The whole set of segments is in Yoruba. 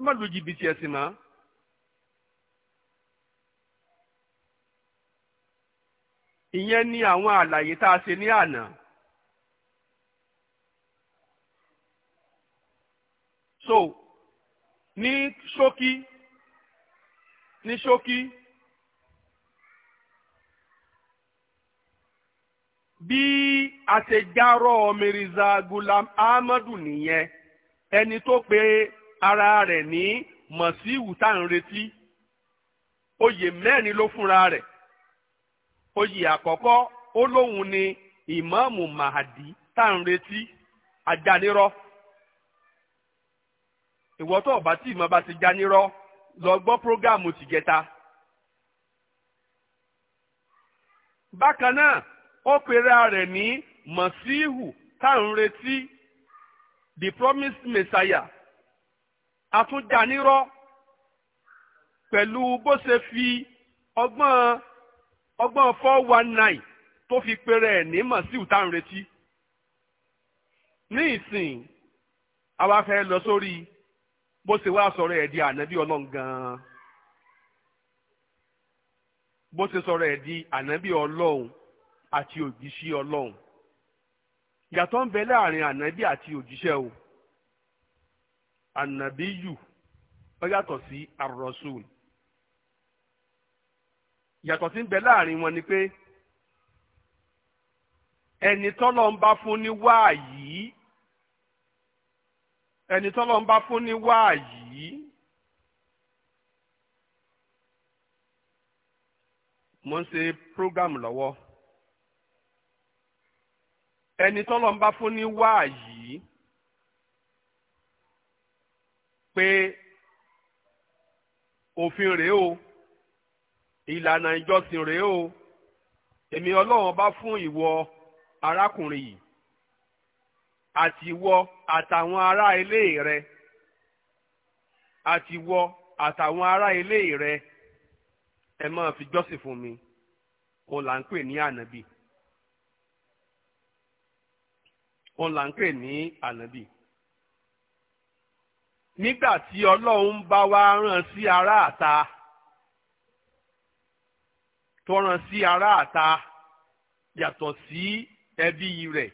ẹ má lu jìbìtì ẹ̀sìn mọ́. ìyẹn ni àwọn àlàyé tá a ṣe ní àná. so ní ṣókí ní ṣókí bí àṣejárọ̀ Mirza Gulam Ahmadu nìyẹn ẹni tó pe ara rẹ̀ ní mọ̀síwù tá à ń retí oyè mẹ́rin ló fúnra rẹ̀ oyè àkọ́kọ́ ó lóun ni ìmáàmù mahadi tá à ń retí ajánirọ́ ìwọ tó ọba tí ìmọ̀ bá ti jánirọ́ lọ gbọ́ prógáàmù tìjẹta. bákan náà ó pera rẹ̀ ní mọ̀síhù tá à ń retí the promised messiah àtúnjà nírọ́ pẹ̀lú bó ṣe fi ọgbọ́n ọgbọ́n four one nine tó fi péré ẹ̀ ní mọ̀síù tá à ń retí ní ìsìn àwa fẹ́ lọ sórí bó ṣe wá sọ̀rọ̀ ẹ̀ di ànábì ọlọ́run gan-an bó ṣe sọ̀rọ̀ ẹ̀ di ànábì ọlọ́run àti òjíṣẹ́ ọlọ́run yàtọ̀ ń bẹ láàrin ànábì àti òjíṣẹ́ o ànàbíyù ó yàtọ̀ sí àrọ̀sùl yàtọ̀ sí ń bẹ láàrin wọn ni pé ẹni tọ́lọ́ ń bá fún ní wáàyí ẹni tọ́lọ́ ń bá fún ní wáàyí mo ń ṣe program lọ́wọ́ ẹni tọ́lọ́ ń bá fún ní wáàyí. pé òfin rèé o ìlànà ìjọsìn rèé o èmi ọlọ́run bá fún ìwọ arákùnrin yìí àti ìwọ àtàwọn ará ilé rẹ àti ìwọ àtàwọn ará ilé rẹ ẹ máa fi jọ́sìn fún mi òun là ń pè ní ànábì òun là ń pè ní ànábì nígbà tí ọlọ́run bá wá rán sí ará àta tó rán sí ará àta yàtọ̀ sí ẹbí rẹ̀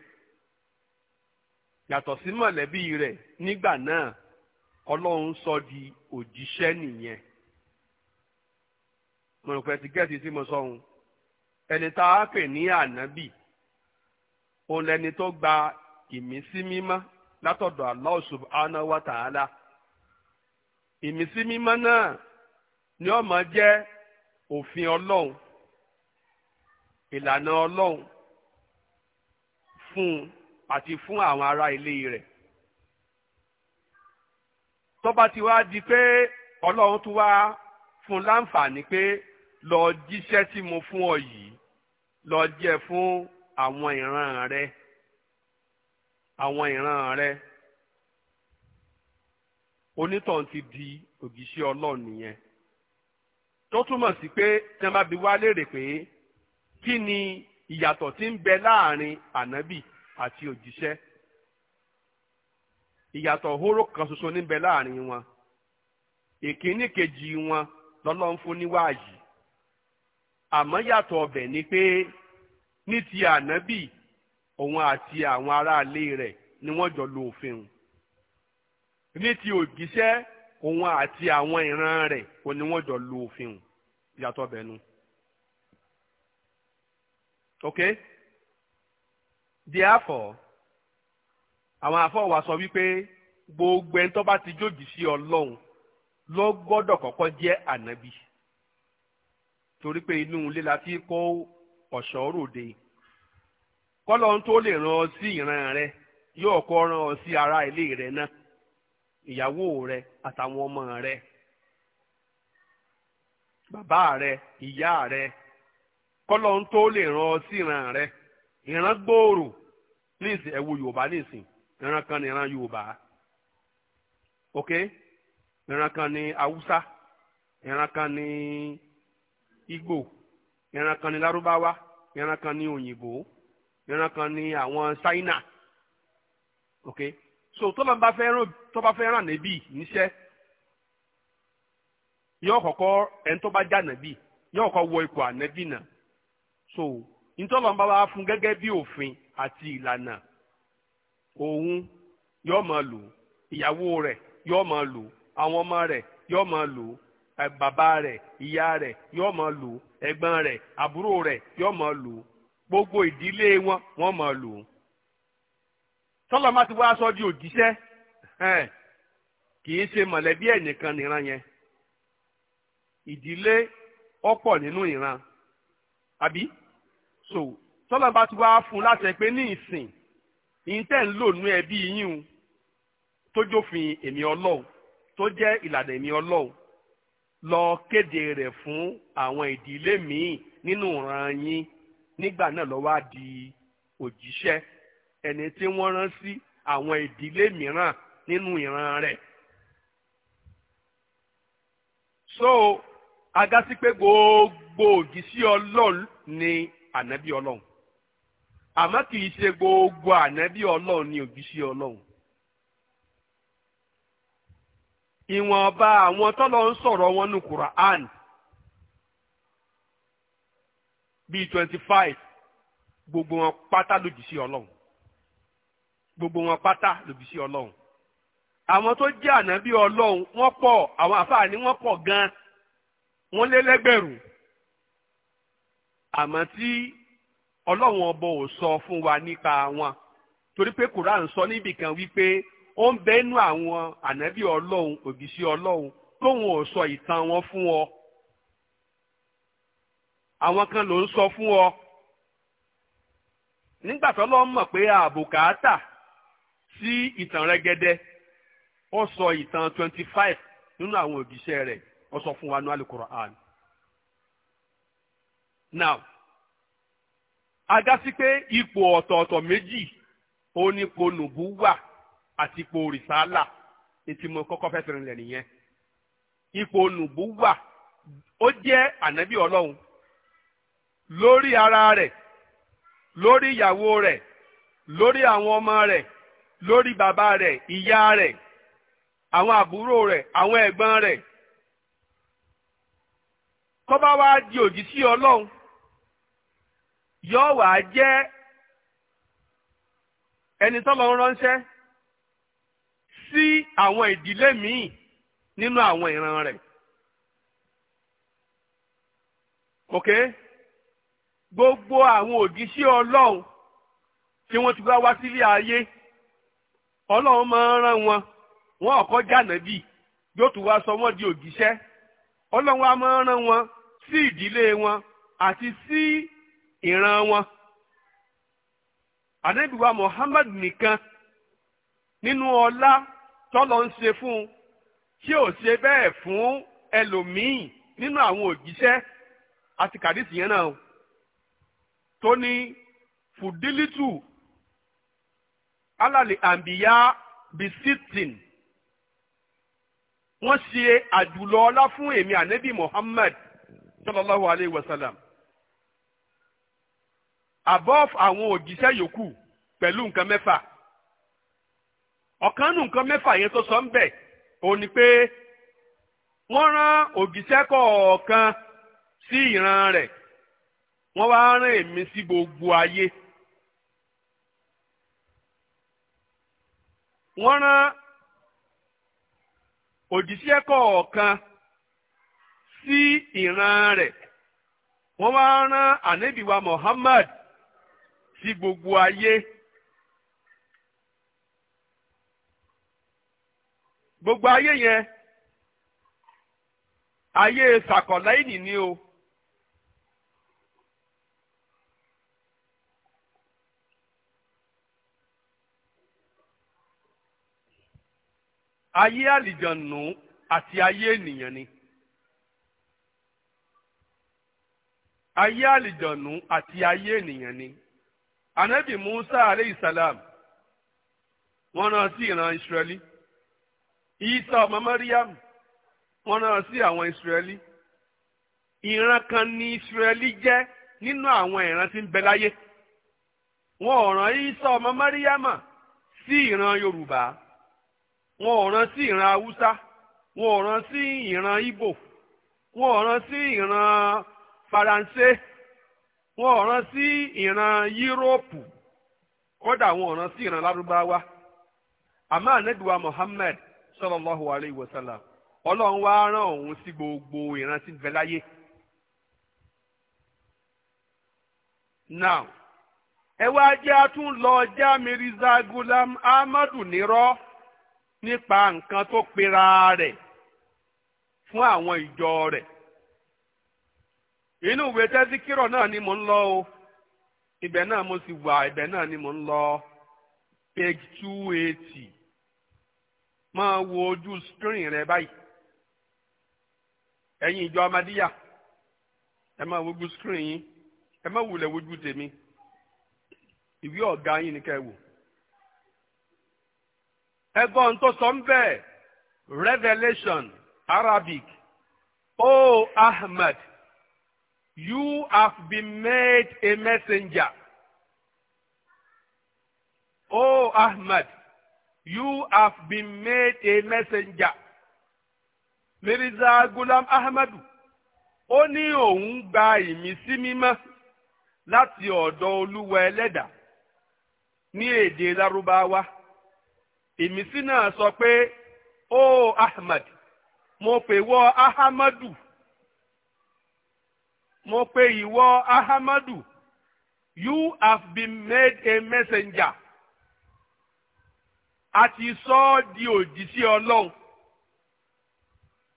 yàtọ̀ sí mọ̀lẹ́bí rẹ̀ nígbà náà ọlọ́run sọ di òjíṣẹ́ nìyẹn mo rò pé ti gẹ́ẹ̀sì tí mo sọ ohun ẹni tá a pè ní ànábì òun lẹni tó gba ìmísí mímọ́ látọ̀dọ̀ Allah subhanahu wa ìmísí mímọ́ náà ni ó máa jẹ́ òfin ọlọ́run ìlànà ọlọ́run fún un àti fún àwọn ará ilé rẹ̀ tó bá ti wá di pé ọlọ́run tún wá fún un láǹfààní pé lọ jíṣẹ́ tí mo fún ọ yìí lọ jẹ́ fún àwọn ìran rẹ àwọn ìran rẹ. onítọ̀hún ti di ògìṣẹ́ ọlọ́run nìyẹn tó túmọ̀ sí pé pe wọ́n bá bi wá léèrè pé kí ni ìyàtọ̀ ti ń bẹ láàrin ànábì àti òjíṣẹ́ ìyàtọ̀ horo kan ṣoṣo ní bẹ láàrin wọn ìkíní kejì wọn lọ́lọ́run fún níwáàyí àmọ́ yàtọ̀ ọbẹ̀ ni pé ní ti ànábì òun àti àwọn aráalé rẹ̀ ni wọ́n jọ lo òfin ní ti òjíṣẹ́ òun àti àwọn ìran rẹ̀ òní wọ́n jọ lu òfin hùn yàtọ̀ bẹ̀nu. ok therefore àwọn àfọwà sọ wípé gbogbo ẹni tó bá ti jòjì sí ọlọ́run ló gbọ́dọ̀ kọ́kọ́ jẹ́ ànábì torí pé inú ilé la ti kọ́ ọ̀ṣọ́ ròde kọ́lọ́n tó lè ràn ọ sí ìran rẹ yóò kọ́ ràn ọ sí ara ilé rẹ náà. ìyàwó rẹ àtàwọn ọmọ rẹ bàbá rẹ ìyá rẹ kọlọ ń tó lè ràn ọ ìran rẹ ìran gbòòrò ní ìsìn ẹ̀wù yorùbá ní ìsìn ìran kan ní ìran ok ìran kan ní haúsá ìran kan ní ìran kan ní ìran kan ní òyìnbó ìran kan ní àwọn ok so tó bá fẹ́ ràn tó bá fẹ́ ràn níbí níṣẹ́ yóò kọ́kọ́ ẹni tó bá já nàbí yóò kọ́ wọ ipò ànábì náà so ntọ́lọ́mbà wa fún gẹ́gẹ́ bí òfin àti ìlànà òun yóò máa lò ìyàwó rẹ̀ yóò máa lò àwọn ọmọ rẹ̀ yóò máa lò bàbá rẹ̀ ìyá rẹ̀ yóò máa lò ẹ̀gbọ́n rẹ̀ àbúrò rẹ̀ yóò máa lò gbogbo ìdílé wọn wọ́n máa lò tọ́lọ́ má ti wá aṣọ di òjíṣẹ́ kì í ṣe mọ̀lẹ́bí ẹ̀ nìkan nìran yẹn ìdílé ọ̀pọ̀ nínú ìran àbí so tọ́lọ́ bá ti wá fún láṣẹ pé ní ìsìn ìtẹ́ ń lò nú ẹbí yín o tó jófin èmi ọlọ́run tó jẹ́ ìlànà èmi ọlọ́run lọ kéde rẹ̀ fún àwọn ìdílé míì nínú ìran yín nígbà náà ló wá di òjíṣẹ́ ẹni tí wọ́n rán sí àwọn ìdílé mìíràn nínú ìran rẹ̀. so agasi pé gbogbo òjíṣẹ́ ọlọ́run ni ànábì ọlọ́run àmọ́ kì í ṣe gbogbo ànábì ọlọ́run ni òjíṣẹ́ ọlọ́run. ìwọ̀nba àwọn tọ́lọ ń sọ̀rọ̀ wọn ní Quran bíi twenty five gbogbo wọn pátá lòdì sí ọlọ́run gbogbo wọn pátá lòbísí ọlọ́run àwọn tó jẹ́ ànábí ọlọ́run wọ́n pọ̀ àwọn àfáà ni wọ́n pọ̀ gan wọ́n lé lẹ́gbẹ̀rún àmọ́ tí ọlọ́run ọbọ̀ ò sọ fún wa nípa wọn torí pé Quran sọ níbìkan wípé ó ń bẹ́nu àwọn ànábí ọlọ́run òbísí ọlọ́run tóun ò sọ ìtàn wọn fún ọ àwọn kan ló ń sọ fún ọ nígbà tó lọ́ mọ̀ pé àbùkátà sí ìtàn rẹ́gẹ́dẹ́ ó sọ ìtàn twenty five nínú àwọn òjíṣẹ́ rẹ̀ ó sọ fún wa ní alukur'an. now agasi pé ipò ọ̀tọ̀ọ̀tọ̀ méjì ó ní ipò nùbúwà àti ipò rìsálà ètí mo kọ́kọ́ fẹ́ fẹ́ràn lẹ̀ nìyẹn ipò nùbúwà ó jẹ́ ànábì ọlọ́run lórí ara rẹ̀ lórí ìyàwó rẹ̀ lórí àwọn ọmọ rẹ̀ lórí bàbá rẹ̀ ìyá rẹ̀ àwọn àbúrò rẹ̀ àwọn ẹ̀gbọ́n rẹ̀ kọ́ba wa di òjì sí ọlọ́run yóò wá jẹ́ ẹni tọ́lọ́ ń ránṣẹ́ sí àwọn ìdílé míì nínú àwọn ìran rẹ̀ ok gbogbo àwọn òjì sí ọlọ́run tí wọ́n ti bá wá sílé ayé. Okay? ọlọ́run máa ń rán wọn wọn ọ̀kọ́ jànàbí yóò tún wá sọ wọ́n di òjíṣẹ́ ọlọ́run á máa ń rán wọn sí ìdílé wọn àti sí ìran wọn. ànábì Muhammad nìkan nínú ọlá tọ́lọ́ ń ṣe fún un tí ò ṣe bẹ́ẹ̀ fún ẹlòmíì nínú àwọn òjíṣẹ́ àti kàdísì yẹn náà tó ní fùdílítù alàlè àǹbíyá bisitin wọ́n ṣe àjùlọ ọlá fún èmi ànábì Muhammad sallallahu alayhi wa sallam above àwọn òjíṣẹ́ yòókù pẹ̀lú nǹkan mẹ́fà ọ̀kan nù nǹkan mẹ́fà yẹn tó sọ ń bẹ̀ ò ní pé wọ́n rán òjíṣẹ́ kọ̀ọ̀kan sí ìran rẹ̀ wọ́n wá rán èmi sí gbogbo ayé. wọ́n rán òjíṣẹ́ ọ̀kan sí ìran rẹ̀ wọ́n wá rán ànábìwá Muhammad sí gbogbo ayé. gbogbo ayé yẹn ayé sàkọ̀láìnì ni o. ayé àlìjọ̀nù àti ayé ènìyàn ni ayé àlìjọ̀nù àti ayé ènìyàn ni anabi musa aleyhi salam wọ́n na sí ìran israẹli isa ọmọ mariam wọ́n na sí àwọn israẹli ìran kan ni israẹli jẹ́ nínú àwọn ìran tí ń bẹ láyé wọ́n rán isa ọmọ mariama sí ìran yorùbá. wọn ò rántí ìran haúsá wọn ò rántí ìran ìbò wọn ò rántí ìran faransé wọn ò rántí ìran yúróòpù kódà wọn ò rántí ìran lárúbáwá àmọ́ ànẹ́gbẹ̀wá Muhammad sallallahu alayhi wa sallam ọlọ́run wá rán òun sí gbogbo ìran tí ń bẹ láyé. now ẹ wá jẹ́ àtúnlọ já Mirza Ahmadu nírọ́. nípa nǹkan tó pera rẹ̀ fún àwọn ìjọ rẹ̀ inú ìwé tẹ́síkírọ̀ náà ni mò ń lọ o ibẹ̀ náà mo sì wà ibẹ̀ náà ni mò ń lọ page two eighty máa wo ojú screen rẹ báyìí ẹ̀yin ìjọ amadíyà ẹ máa wojú screen yín ẹ má wulẹ̀ wojú tèmi ìwé ọ̀gá yín ni ká ẹ wò. ẹgbọ́n tó sọ ń bẹ̀ revelation arabic o oh, ahmed you have been made a messenger o oh, ahmed you have been made a messenger mirza gulam ahmadu ó ní òun gba ìmísí mímọ́ láti ọ̀dọ̀ olúwa ẹlẹ́dàá ní èdè lárúbáwá ìmísí náà sọ pé ó ahmad mo pè wọ ahamadu mo pè ìwọ ahamadu you have been made a messenger a ti sọ ọ́ di òjíṣẹ́ ọlọ́run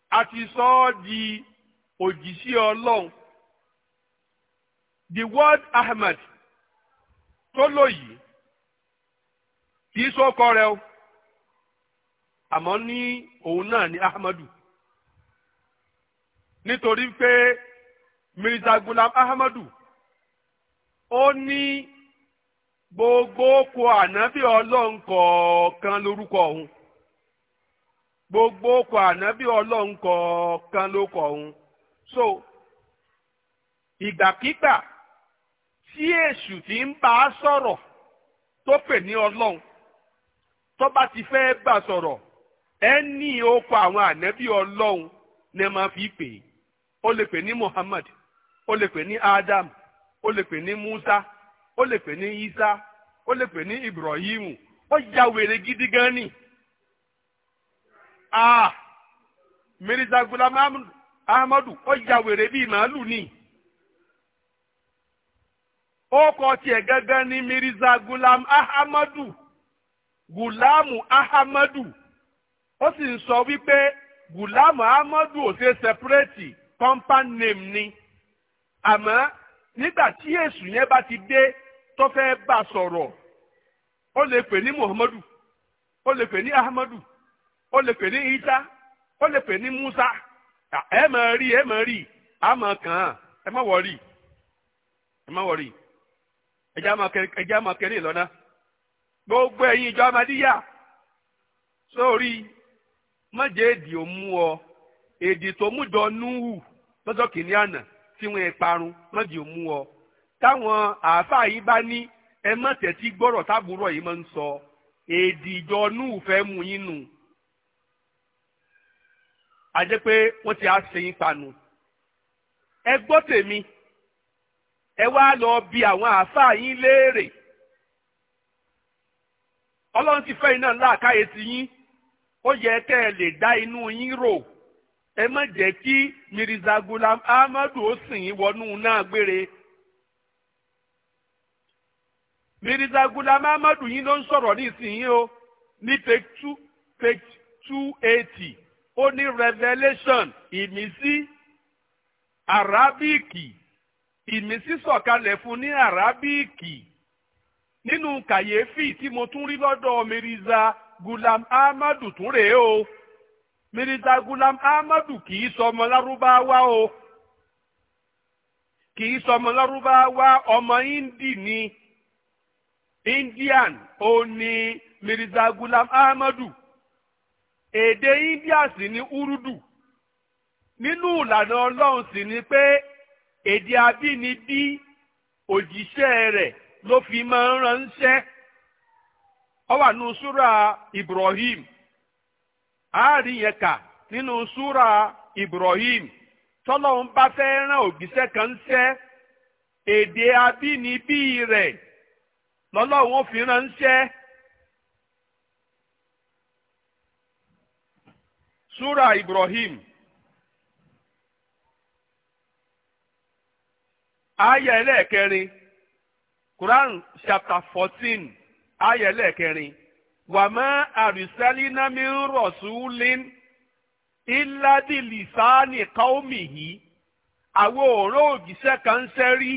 a ti sọ ọ́ di òjíṣẹ́ ọlọ́run the word ahmed tó lò yìí kì í sọ́kọ rẹ o àmọ́ ní òun náà ní ahmadu nítorí pé mirza gulam ahmadu ó ní gbogbo oko ànábì ọlọ́run kọ̀ọ̀kan lórúkọ òun gbogbo oko ànábì ọlọ́run kọ̀ọ̀kan lórúkọ òun so ìgbàkígbà tí èṣù ti ń bá a sọ̀rọ̀ tó pè ní ọlọ́run tó bá ti fẹ́ bá a sọ̀rọ̀ ẹni okọ àwọn ànẹ́bí ọlọ́run ni ẹ máa fi pè é ó lè pè ní Muhammad ó lè pè ní Adam ó lè pè ní Musa ó lè pè ní Isa ó lè pè ní Ibrahim ó ya wèrè gidi gan ni. Ah, Mirza Gulam Ahmadu ó ya wèrè bíi màálù ni ọkọ tiẹ̀ gẹ́gẹ́ ní Mirza Gulam ahamadu Gulamu ahamadu ó sì ń sọ wípé gùlámù ahmadu ò ṣe sẹpẹrẹtì compound name ni àmọ́ nígbà tí èṣù yẹn bá ti dé tó fẹ́ bá sọ̀rọ̀ ó lè pè ní muhammadu ó lè pè ní ahmadu ó lè pè ní isa ó lè pè ní musa ẹ máa rí ẹ máa rí àmọ́ kàn án ẹ má wọrí ẹ má wọrí ẹjẹ àmọ́ kẹrin lọ́nà gbogbo ẹ̀yin ìjọ amadíyà sórí má jẹ́ èdè òmú ọ èdè tó mú jọ núhù lọ́jọ́ kìíní àná tí wọ́n parun má jẹ́ òmú ọ táwọn àáfàá yìí bá ní ẹ má tẹ̀tí gbọ́rọ̀ táàbùrọ̀ yìí máa ń sọ èdè ìjọ núhù fẹ́ mú yín nù a jẹ́ pé wọ́n ti á ṣe yín panu ẹ gbọ́ tèmi ẹ wá lọ bí àwọn àáfàá yín léèrè ọlọ́run ti fẹ́ iná ńlá àkáyé ti yín. ó yẹ kẹ́ ẹ lè dá inú yín rò ẹ má jẹ́ kí Mirza Gulam Ahmadu ó sìn yín wọnú náà gbére. Mirza Gulam Ahmadu yín ló ń sọ̀rọ̀ nísìnyí o ní page two eighty ó ní revelation ìmísí arábíìkì ìmísí sọ̀kalẹ̀ fún ní arábíìkì nínú kàyéfì tí mo tún rí lọ́dọ̀ Mirza gulam ahmadu tún rèé o mirisa gulam ahmadu kì í sọmọ lárúbáwá o kì sọmọ lárúbáwá ọmọ indi ni indian ó ní mirisa gulam ahmadu èdè india sì ní urudu nínú ìlànà ọlọ́run sì ni pé èdè abínibí òjíṣẹ́ rẹ̀ ló fi máa ń ránṣẹ́. ó wà nínú súra Ibrahim àárín yẹn kà nínú súra Ibrahim tọ́lọ́hún bá fẹ́ rán ògìṣẹ́ kan ṣẹ́ èdè abínibí rẹ̀ lọ́lọ́hún fi ránṣẹ́. súra Ibrahim aya ẹlẹ́ẹ̀kẹrin Quran chapter 14. ayẹ lẹ́ẹ̀kẹrin wàmọ àrùsálínàmí rọsúlín ìlàdìlìsáàní káómì yìí àwọn òòrùn òjíṣẹ́ kan sẹ́rí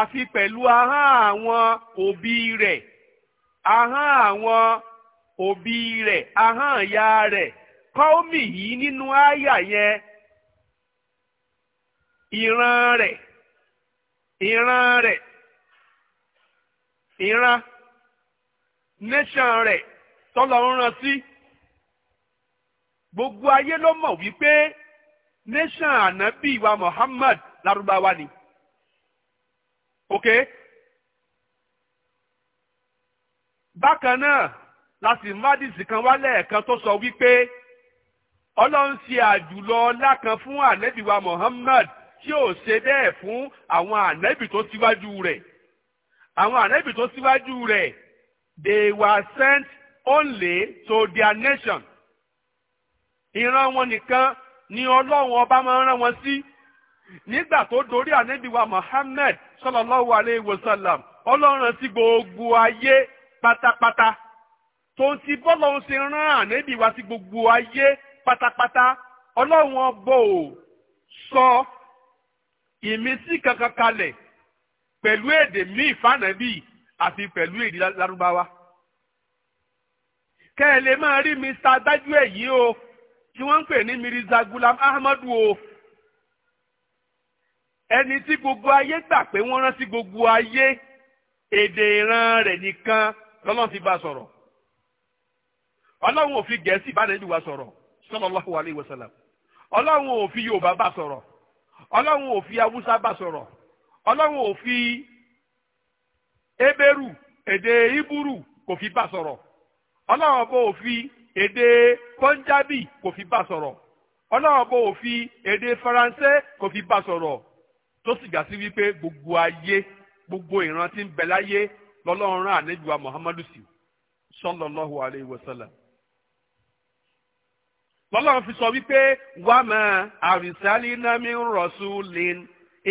àfi pẹ̀lú ahọ́n àwọn òbí rẹ̀ ahọ́n àwọn òbí rẹ̀ ahọ́n ìyá rẹ̀ kọ́ọ̀mì yìí nínú àyà yẹn ìran rẹ̀ ìran rẹ̀ ìran nation rẹ̀ tọ́lọ̀ ń ran sí gbogbo ayé ló mọ̀ wípé nation ànábì wa Muhammad Lárúbáwá ni ok bákan náà láti mádìsì kan wá lẹ́ẹ̀kan tó sọ wípé ọlọ́run ṣe àjùlọ ọlá kan fún ànábì wa Muhammad tí ò ṣe bẹ́ẹ̀ fún àwọn ànábì tó síwájú rẹ̀ àwọn ànábì tó síwájú rẹ̀ they were sent only to their nation. ìran wọn nìkan ni ọlọ́run ọba máa ń rán wọn sí. nígbà tó dorí ànábì wa Muhammad sallallahu alayhi wa sallam ọlọ́run sí gbogbo ayé pátápátá. tó ń ti bọ́lọ́run ṣe rán ànábì wa sí gbogbo ayé pátápátá ọlọ́run ọba ò sọ ìmísí kankan kalẹ̀ pẹ̀lú èdè míì fànàbí àti pẹ̀lú èdè lárúbáwá kẹ́ ẹ lè máa rí mr gbájúẹ̀ yìí o tí wọ́n ń pè ní mirza gulam ahmadu o ẹni tí gbogbo ayé gbà pé wọ́n rán sí gbogbo ayé èdè ìran rẹ̀ nìkan lọ́lọ́run fi bá a sọ̀rọ̀ ọlọ́run ò fi gẹ̀ẹ́sì bá nàìjíríà sọ̀rọ̀ sallallahu alaihi wasallam ọlọ́run ò fi yorùbá bá sọ̀rọ̀ ọlọ́run ò fi haúsá bá sọ̀rọ̀ ọlọ́run ò fi eberu ede iburu kò fi bá sọ̀rọ̀ ọlọ́run bó o ede èdè pọ́njábì kò fi bá sọ̀rọ̀ ọlọ́run bó o ede èdè kò fi bá sọ̀rọ̀ tó sì gbà wípé gbogbo aye gbogbo ìran tí ń bẹ láyé lọ́lọ́run rán àlejò muhammadu si sallallahu alayhi wa sallam lọ́lọ́run fi sọ wípé wàmà àrìsálínàmí rọ̀ṣúlìn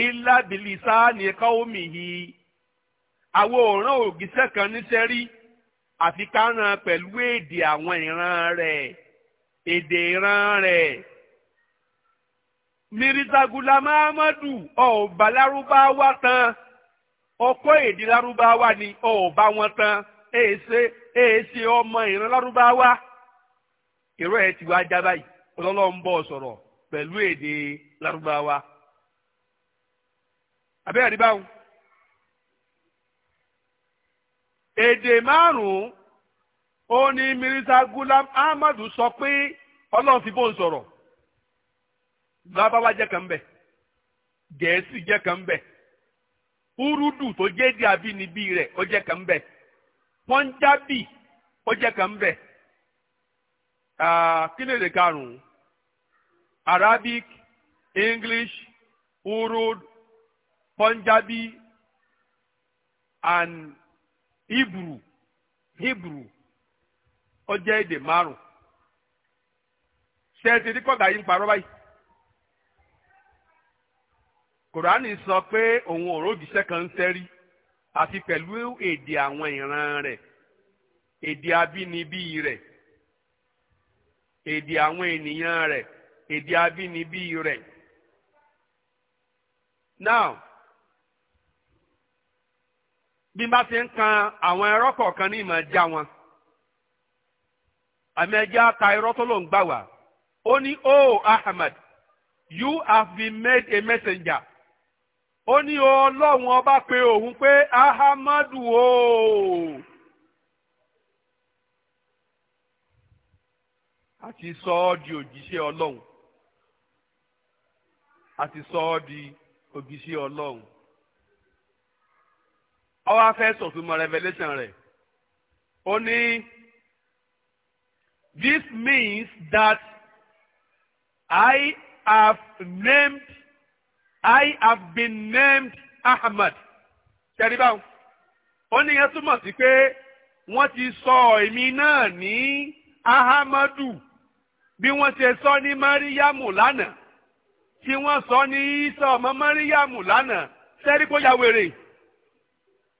ìlàbìlísà ní káwọ́mì àwọn òòràn ògìṣẹ́ kan níṣẹ́ rí àfi ká rán pẹ̀lú èdè àwọn ìran rẹ̀ èdè ìran rẹ̀. mirizagula mahamadu ọ̀ọ́bà lárúbáwá tán ọkọ èdè lárúbáwá ni ọ̀ọ́bà wọn tán èèṣe èèṣe ọmọ ìran lárúbáwá ìró ẹ̀ ti wá já báyìí ọlọ́lọ́ ń bọ̀ sọ̀rọ̀ pẹ̀lú èdè lárúbáwá. àbẹ́rẹ́ rí báwọn. èdè márùn-ún ó ní mirisa gulam ahmadu sọ pé ọlọ́run fi bóun sọ̀rọ̀ lábáwá jẹ́ kan bẹ̀ gẹ̀ẹ́sì jẹ́ kan bẹ̀ urudu tó jẹ́ di àbínibí rẹ̀ ó jẹ́ kan bẹ̀ pọ́njábì ó jẹ́ kan bẹ̀ kí karùn-ún arabic english urud and hibru hibru ó jẹ́ èdè márùn ṣe é ti rí yìí ń báyìí sọ pé òun ò rógìṣẹ́ kan ń sẹ́rí àti pẹ̀lú èdè àwọn ìran rẹ èdè abínibí rẹ̀ èdè àwọn ènìyàn rẹ èdè abínibí rẹ̀ now bí n bá ti ń kan àwọn ẹ̀rọ kọ̀ọ̀kan ní ìmọ̀ já wọn àmì ẹja ta irọ́ tó ló ń gbà wá ó ní o oh, Ahmad you have been made a messenger ó ní ọlọ́run ọba pé òun pé ahamadu o. àti sọ ọ́ di òjíṣẹ́ ọlọ́run àti sọ ọ́ di òjíṣẹ́ ọlọ́run ó wá fẹ́ sọ̀túnmọ̀ revelation rẹ̀ ó ní this means that I have named I have been named Ahmad tẹ̀ríbáwò ó ní yẹn túmọ̀ sí pé wọ́n ti sọ èmi náà ní Ahamadu bí wọ́n ṣe sọ ní Mariamu lánàá tí wọ́n sọ ní Isa ọmọ Mariamu lánàá sẹ́rí kó ya wèrè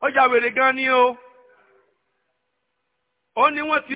ọjà wèrè gan ni o ó ní wọ́n ti.